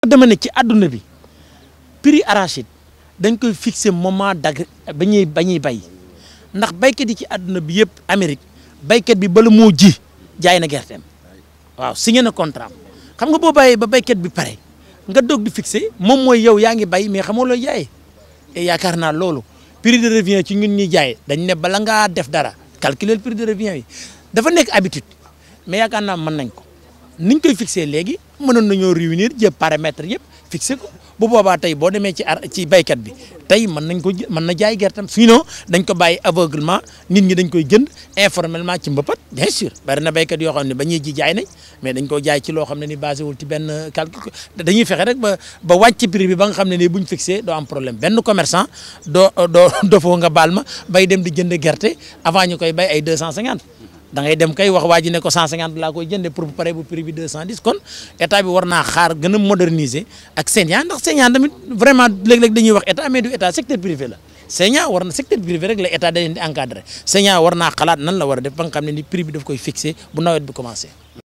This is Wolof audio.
dama ne ci àdduna bi prix arachide dañ koy fixer moment d'agri ba ñuy ba bay ndax baykat yi ci àdduna bi yëpp Amérique baykat bi bala moo ji jaay na gerte waaw signé na contrat xam nga boo bàyyee ba baykat bi pare nga doog di fixer moom mooy yow yaa ngi bay mais xamoo looy jaayee et yaakaar naa loolu prix de revient ci ñun ñuy jaay dañ ne bala ngaa def dara calculer prix de revient yi dafa nekk habitude mais yaakaar naa mën nañ ko. niñ koy fixé léegi mënoon nañoo réunir jëpp paramètres yëpp fixé ko bu boobaa tey boo demee ci ci baykat bi tey mën nañ ko mën na jaay gerteem sinon dañ ko bàyyi aveuglement nit ñi dañ koy jënd informellement ci mbëppat bien bari na baykat yoo xam ne ba ñuy ji jaay nañ mais dañ ko jaay ci loo xam ne ni basé wul ci benn calcul dañuy fexe rek ba ba wàcc prix bi ba nga xam ne ni buñ fixé doo am problème benn commerçant doo doo dofoo nga baal ma bay dem di jënd gerte avant ñu koy bay ay deux cent cinquante da ngay kay wax waa ji ne ko 150 laa koy jënde pour bu pare bu prix bi 210 kon état bi war naa xaar gën a moderniser ak seenaa ndax seenaa tamit vraiment léeg-léeg dañuy wax état mais du état secteur privé la seenaa war na secteur privé rek la état da leen di encadré war naa xalaat nan la war a def ba nga xam ne ni prix bi daf koy fixé bu nawet bi commencé.